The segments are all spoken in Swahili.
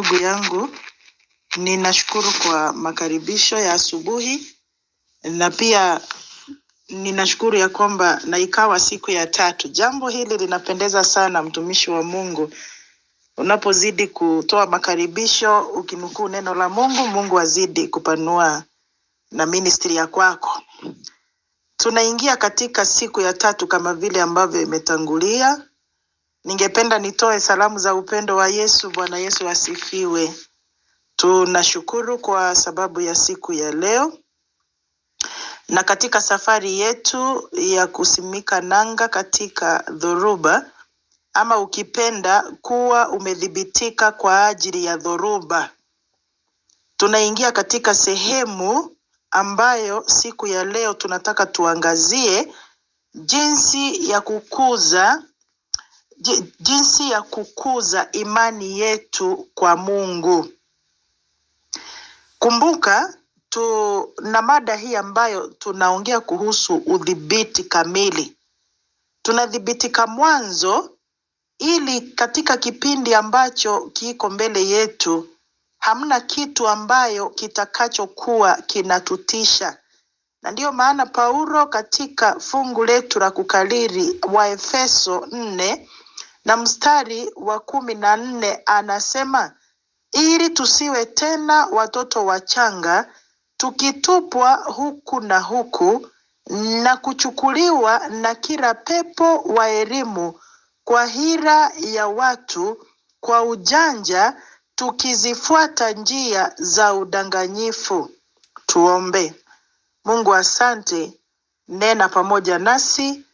Ndugu yangu, ninashukuru kwa makaribisho ya asubuhi na pia ninashukuru ya kwamba na ikawa siku ya tatu. Jambo hili linapendeza sana, mtumishi wa Mungu, unapozidi kutoa makaribisho ukinukuu neno la Mungu, Mungu azidi kupanua na ministry ya kwako. Tunaingia katika siku ya tatu kama vile ambavyo imetangulia Ningependa nitoe salamu za upendo wa Yesu. Bwana Yesu asifiwe. Tunashukuru kwa sababu ya siku ya leo na katika safari yetu ya kusimika nanga katika dhoruba ama ukipenda kuwa umedhibitika kwa ajili ya dhoruba. Tunaingia katika sehemu ambayo siku ya leo tunataka tuangazie jinsi ya kukuza jinsi ya kukuza imani yetu kwa Mungu. Kumbuka tuna mada hii ambayo tunaongea kuhusu udhibiti kamili. Tunadhibitika mwanzo ili katika kipindi ambacho kiko mbele yetu hamna kitu ambayo kitakachokuwa kinatutisha na ndiyo maana Paulo katika fungu letu la kukariri Waefeso nne na mstari wa kumi na nne anasema ili tusiwe tena watoto wachanga tukitupwa huku na huku na kuchukuliwa na kila pepo wa elimu kwa hira ya watu, kwa ujanja, tukizifuata njia za udanganyifu. Tuombe. Mungu, asante, nena pamoja nasi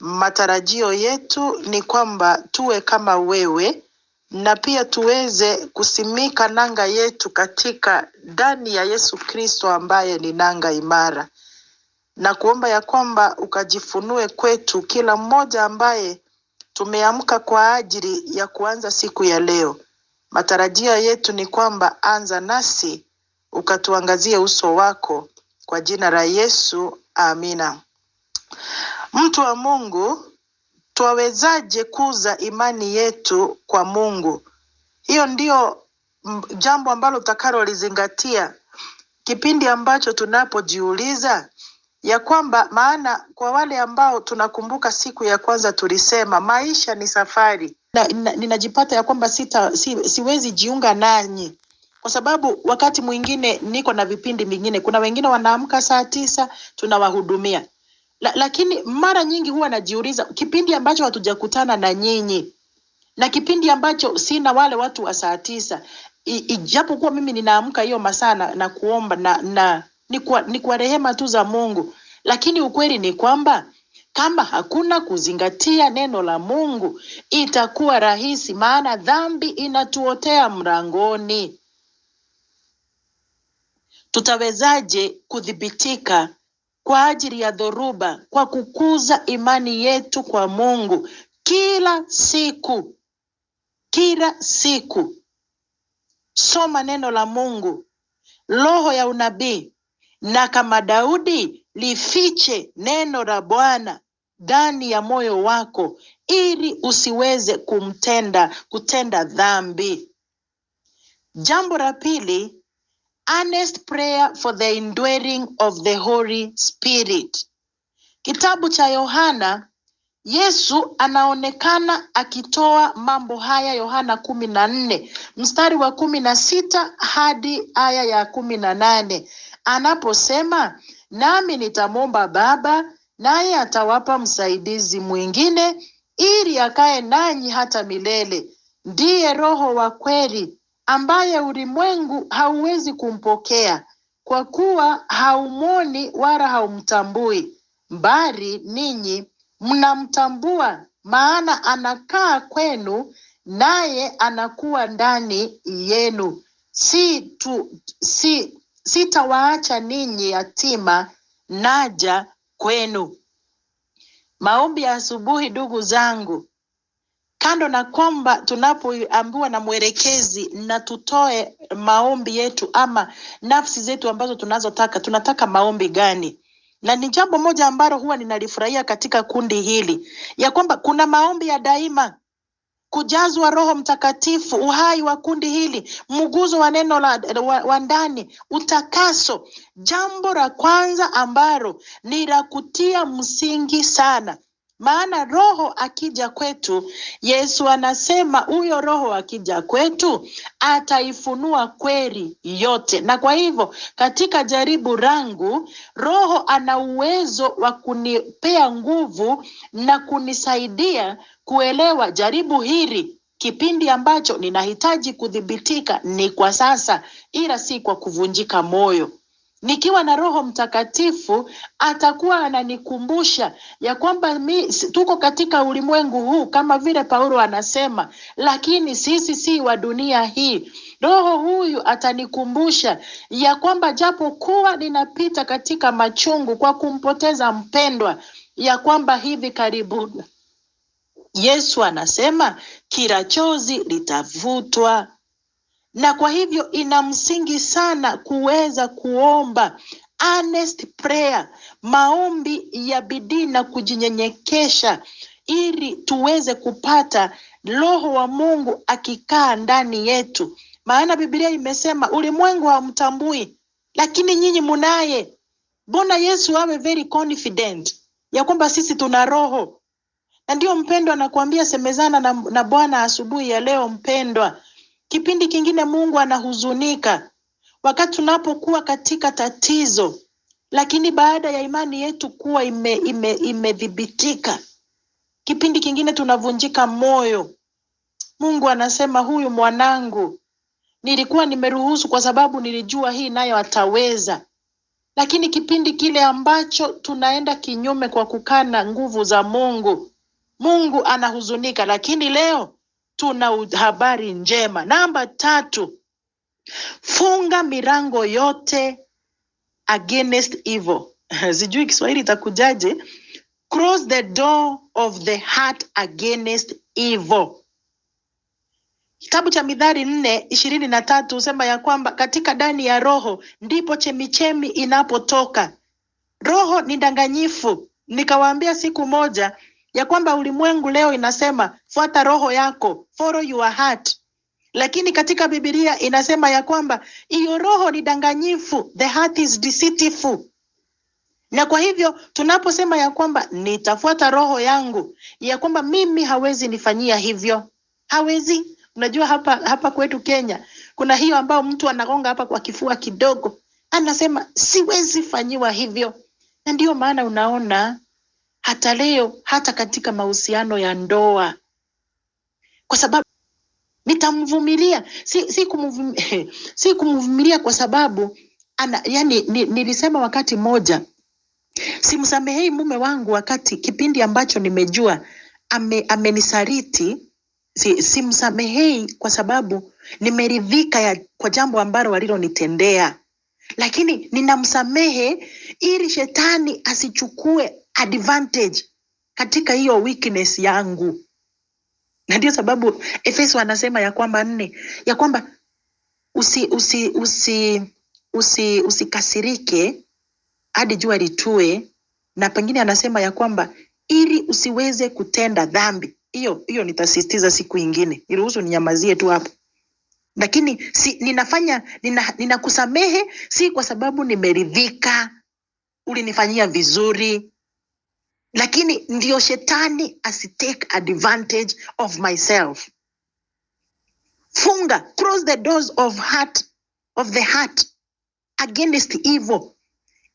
Matarajio yetu ni kwamba tuwe kama wewe na pia tuweze kusimika nanga yetu katika ndani ya Yesu Kristo ambaye ni nanga imara, na kuomba ya kwamba ukajifunue kwetu kila mmoja ambaye tumeamka kwa ajili ya kuanza siku ya leo. Matarajio yetu ni kwamba anza nasi ukatuangazie uso wako, kwa jina la Yesu, amina. Mtu wa Mungu, twawezaje kuza imani yetu kwa Mungu? Hiyo ndiyo jambo ambalo utakalolizingatia kipindi ambacho tunapojiuliza ya kwamba, maana kwa wale ambao tunakumbuka siku ya kwanza tulisema maisha ni safari na, na, ninajipata ya kwamba sita, si, siwezi jiunga nanyi kwa sababu wakati mwingine niko na vipindi vingine. Kuna wengine wanaamka saa tisa tunawahudumia, la, lakini mara nyingi huwa najiuliza kipindi ambacho hatujakutana na nyinyi na kipindi ambacho sina wale watu wa saa tisa, ijapokuwa mimi ninaamka hiyo masaa na, na kuomba na, na ni kwa, ni kwa rehema tu za Mungu, lakini ukweli ni kwamba kama hakuna kuzingatia neno la Mungu itakuwa rahisi, maana dhambi inatuotea mlangoni. Tutawezaje kudhibitika kwa ajili ya dhoruba, kwa kukuza imani yetu kwa Mungu kila siku, kila siku. Soma neno la Mungu, roho ya unabii, na kama Daudi lifiche neno la Bwana ndani ya moyo wako ili usiweze kumtenda kutenda dhambi. Jambo la pili earnest prayer for the indwelling of the Holy Spirit. Kitabu cha Yohana, Yesu anaonekana akitoa mambo haya, Yohana kumi na nne mstari wa kumi na sita hadi aya ya kumi na nane anaposema nami nitamwomba Baba naye atawapa msaidizi mwingine ili akae nanyi hata milele, ndiye Roho wa kweli ambaye ulimwengu hauwezi kumpokea kwa kuwa haumwoni wala haumtambui, bali ninyi mnamtambua, maana anakaa kwenu naye anakuwa ndani yenu. Si tu si, sitawaacha ninyi yatima, naja kwenu. Maombi ya asubuhi, ndugu zangu, kando na kwamba tunapoambiwa na mwelekezi na tutoe maombi yetu ama nafsi zetu ambazo tunazotaka, tunataka maombi gani? Na ni jambo moja ambalo huwa ninalifurahia katika kundi hili ya kwamba kuna maombi ya daima kujazwa Roho Mtakatifu, uhai wa kundi hili, mguzo wa neno wa ndani, utakaso. Jambo la kwanza ambalo ni la kutia msingi sana maana roho akija kwetu, Yesu anasema huyo roho akija kwetu ataifunua kweli yote. Na kwa hivyo katika jaribu langu, roho ana uwezo wa kunipea nguvu na kunisaidia kuelewa jaribu hili kipindi ambacho ninahitaji kudhibitika ni kwa sasa, ila si kwa kuvunjika moyo nikiwa na Roho Mtakatifu atakuwa ananikumbusha ya kwamba mi, tuko katika ulimwengu huu kama vile Paulo anasema, lakini sisi si wa dunia hii. Roho huyu atanikumbusha ya kwamba japokuwa ninapita katika machungu kwa kumpoteza mpendwa, ya kwamba hivi karibuni Yesu anasema kila chozi litavutwa na kwa hivyo ina msingi sana kuweza kuomba honest prayer, maombi ya bidii na kujinyenyekesha, ili tuweze kupata roho wa Mungu akikaa ndani yetu, maana Biblia imesema ulimwengu hamtambui, lakini nyinyi munaye. Mbona Yesu awe very confident ya kwamba sisi tuna roho? Na ndiyo mpendwa, nakuambia semezana na, na Bwana asubuhi ya leo mpendwa. Kipindi kingine Mungu anahuzunika wakati tunapokuwa katika tatizo, lakini baada ya imani yetu kuwa imedhibitika ime, ime kipindi kingine tunavunjika moyo. Mungu anasema huyu mwanangu nilikuwa nimeruhusu kwa sababu nilijua hii nayo ataweza. Lakini kipindi kile ambacho tunaenda kinyume kwa kukana nguvu za Mungu, Mungu anahuzunika. Lakini leo tuna habari njema. Namba tatu, funga milango yote against evil. Sijui Kiswahili itakujaje? Close the door of the heart against evil. Kitabu cha Mithali nne ishirini na tatu husema ya kwamba katika ndani ya roho ndipo chemichemi inapotoka. Roho ni danganyifu. Nikawaambia siku moja ya kwamba ulimwengu leo inasema fuata roho yako, follow your heart, lakini katika Biblia inasema ya kwamba hiyo roho ni danganyifu, the heart is deceitful. Na kwa hivyo tunaposema ya kwamba nitafuata roho yangu, ya kwamba mimi hawezi nifanyia hivyo, hawezi. Unajua hapa hapa kwetu Kenya kuna hiyo ambayo mtu anagonga hapa kwa kifua kidogo, anasema siwezi fanyiwa hivyo, na ndiyo maana unaona hata leo, hata katika mahusiano ya ndoa, kwa sababu nitamvumilia. Si, si, kumvumilia, si kumvumilia kwa sababu ana, yani, nilisema wakati mmoja simsamehei mume wangu wakati kipindi ambacho nimejua ame, amenisaliti si, simsamehei kwa sababu nimeridhika ya, kwa jambo ambalo walilonitendea lakini ninamsamehe ili shetani asichukue advantage katika hiyo weakness yangu. Na ndio sababu Efeso anasema ya kwamba nne ya kwamba usi usi usi usi usikasirike hadi jua litue, na pengine anasema ya kwamba ili usiweze kutenda dhambi. Hiyo hiyo nitasisitiza siku ingine, iruhusu ninyamazie tu hapo lakini si, ninafanya nina, ninakusamehe si kwa sababu nimeridhika, ulinifanyia vizuri, lakini ndio shetani asitake advantage of myself. Funga, cross the doors of heart, of the heart against evil,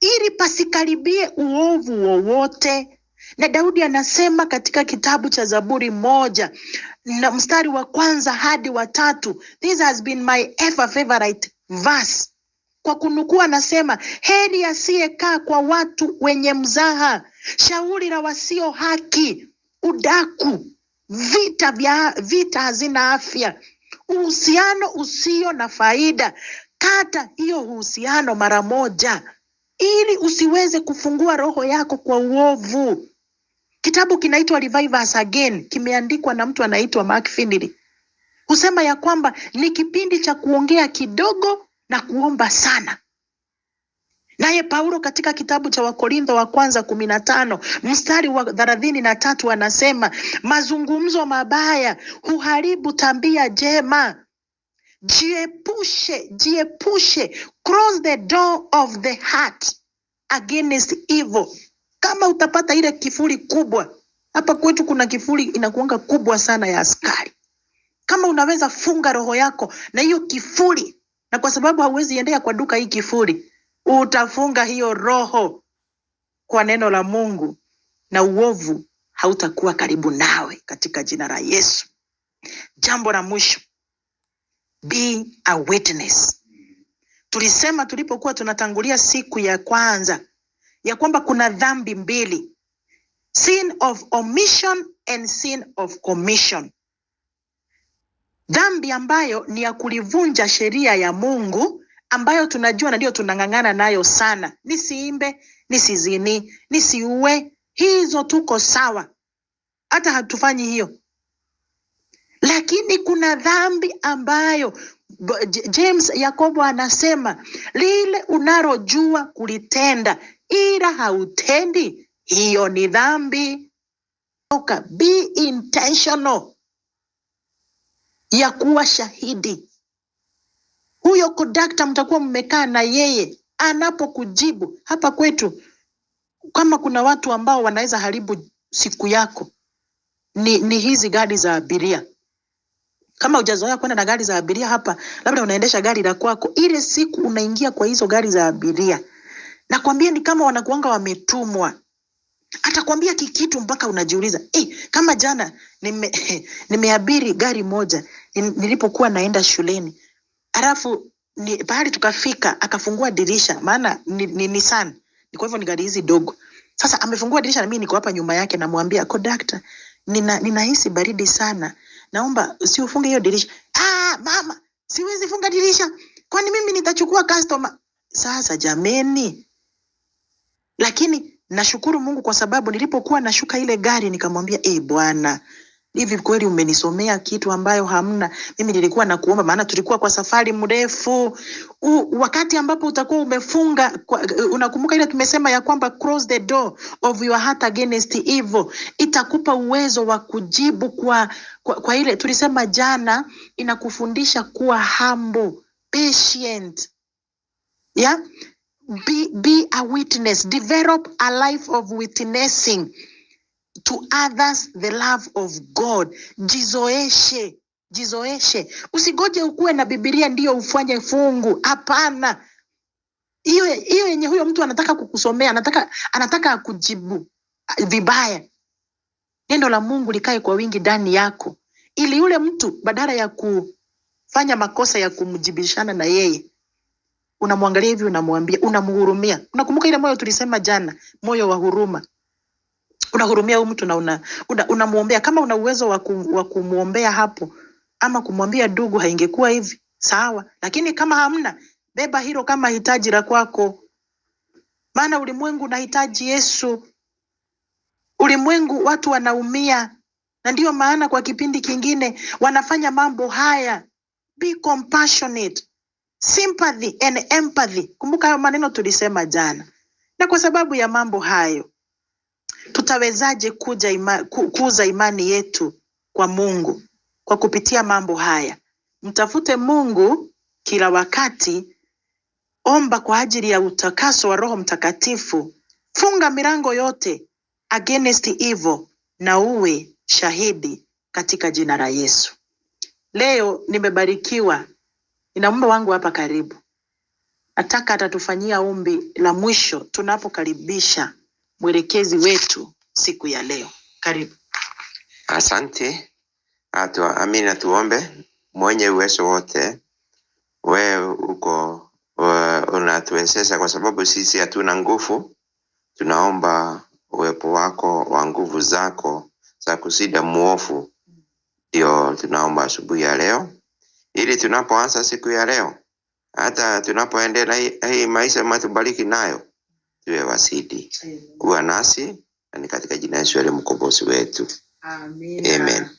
ili pasikaribie uovu wowote na Daudi anasema katika kitabu cha Zaburi moja na mstari wa kwanza hadi wa tatu, this has been my ever favorite verse. Kwa kunukuu anasema, heri asiyekaa kwa watu wenye mzaha, shauri la wasio haki, udaku, vita vya vita hazina afya, uhusiano usio na faida. Kata hiyo uhusiano mara moja, ili usiweze kufungua roho yako kwa uovu. Kitabu kinaitwa Revive Us Again, kimeandikwa na mtu anaitwa Mark Finley. Husema ya kwamba ni kipindi cha kuongea kidogo na kuomba sana. Naye Paulo katika kitabu cha Wakorintho wa kwanza kumi na tano mstari wa thelathini na tatu anasema mazungumzo mabaya huharibu tabia jema. Jiepushe, jiepushe, close the door of the heart against evil kama utapata ile kifuli kubwa. Hapa kwetu kuna kifuli inakuanga kubwa sana ya askari. Kama unaweza funga roho yako na hiyo kifuli na kwa sababu hauwezi endea kwa duka hii kifuri, utafunga hiyo roho kwa neno la Mungu na uovu hautakuwa karibu nawe katika jina la Yesu. Jambo la mwisho, be a witness. Tulisema tulipokuwa tunatangulia siku ya kwanza ya kwamba kuna dhambi mbili, sin of omission and sin of commission. Dhambi ambayo ni ya kulivunja sheria ya Mungu ambayo tunajua na ndiyo tunang'ang'ana nayo sana, nisiimbe, nisizini, nisiue, hizo tuko sawa, hata hatufanyi hiyo. Lakini kuna dhambi ambayo James Yakobo anasema lile unalojua kulitenda ila hautendi, hiyo ni dhambi. be intentional ya kuwa shahidi. Huyo kondakta mtakuwa mmekaa na yeye, anapokujibu hapa kwetu, kama kuna watu ambao wanaweza haribu siku yako ni, ni hizi gari za abiria. Kama hujazoea kwenda na gari za abiria hapa, labda unaendesha gari la kwako, ile siku unaingia kwa hizo gari za abiria Nakwambia ni kama wanakuanga wametumwa. Atakwambia kikitu mpaka unajiuliza eh, kama jana nime, nimeabiri gari moja nilipokuwa naenda shuleni, alafu ni, pahali tukafika akafungua dirisha, maana ni, nisan ni Nissan kwa hivyo ni gari hizi dogo. Sasa amefungua dirisha na mimi niko hapa nyuma yake, namwambia kondakta, nina ninahisi baridi sana, naomba siufunge hiyo dirisha. Ah, mama, siwezi funga dirisha, kwani mimi nitachukua customer? Sasa jameni lakini nashukuru Mungu kwa sababu nilipokuwa nashuka ile gari nikamwambia, e Bwana, hivi kweli umenisomea kitu ambayo hamna. Mimi nilikuwa nakuomba, maana tulikuwa kwa safari mrefu. wakati ambapo utakuwa umefunga kwa, eh, unakumbuka ile tumesema ya kwamba cross the door of your heart against evil, itakupa uwezo wa kujibu kwa, kwa, kwa ile tulisema jana, inakufundisha kuwa humble, patient yeah? be be a witness develop a life of witnessing to others the love of God. Jizoeshe, jizoeshe. Usigoje ukuwe na bibilia ndiyo ufanye fungu. Hapana, hiyo hiyo yenye huyo mtu anataka kukusomea, anataka anataka kujibu ah, vibaya. Neno la Mungu likae kwa wingi ndani yako, ili yule mtu badala ya kufanya makosa ya kumjibishana na yeye unamwangalia hivi, unamwambia, unamhurumia. Unakumbuka ile moyo tulisema jana, moyo wa huruma unahurumia huyu mtu na una, una, una kama una uwezo wa kumwombea hapo ama kumwambia ndugu, haingekuwa hivi sawa, lakini kama hamna, beba hilo kama hitaji la kwako, maana ulimwengu unahitaji Yesu. Ulimwengu watu wanaumia, na ndiyo maana kwa kipindi kingine wanafanya mambo haya. Be compassionate sympathy and empathy. Kumbuka hayo maneno tulisema jana. Na kwa sababu ya mambo hayo, tutawezaje kuja ima, ku, kuuza imani yetu kwa Mungu kwa kupitia mambo haya? Mtafute Mungu kila wakati, omba kwa ajili ya utakaso wa Roho Mtakatifu, funga milango yote against evil, na uwe shahidi katika jina la Yesu. Leo nimebarikiwa Nina mume wangu hapa karibu, nataka atatufanyia ombi la mwisho tunapokaribisha mwelekezi wetu siku ya leo. Karibu. Asante. Atua, amina, tuombe. Mwenye uwezo wote, wewe uko unatuwezesha, kwa sababu sisi hatuna nguvu. Tunaomba uwepo wako wa nguvu zako za kusida muofu ndio tunaomba asubuhi ya leo ili tunapoanza siku ya leo, hata tunapoendelea hii maisha matubariki nayo, tuwe wasidi kuwa nasi, na ni katika jina la Yesu Mkombozi wetu Amen. Amen.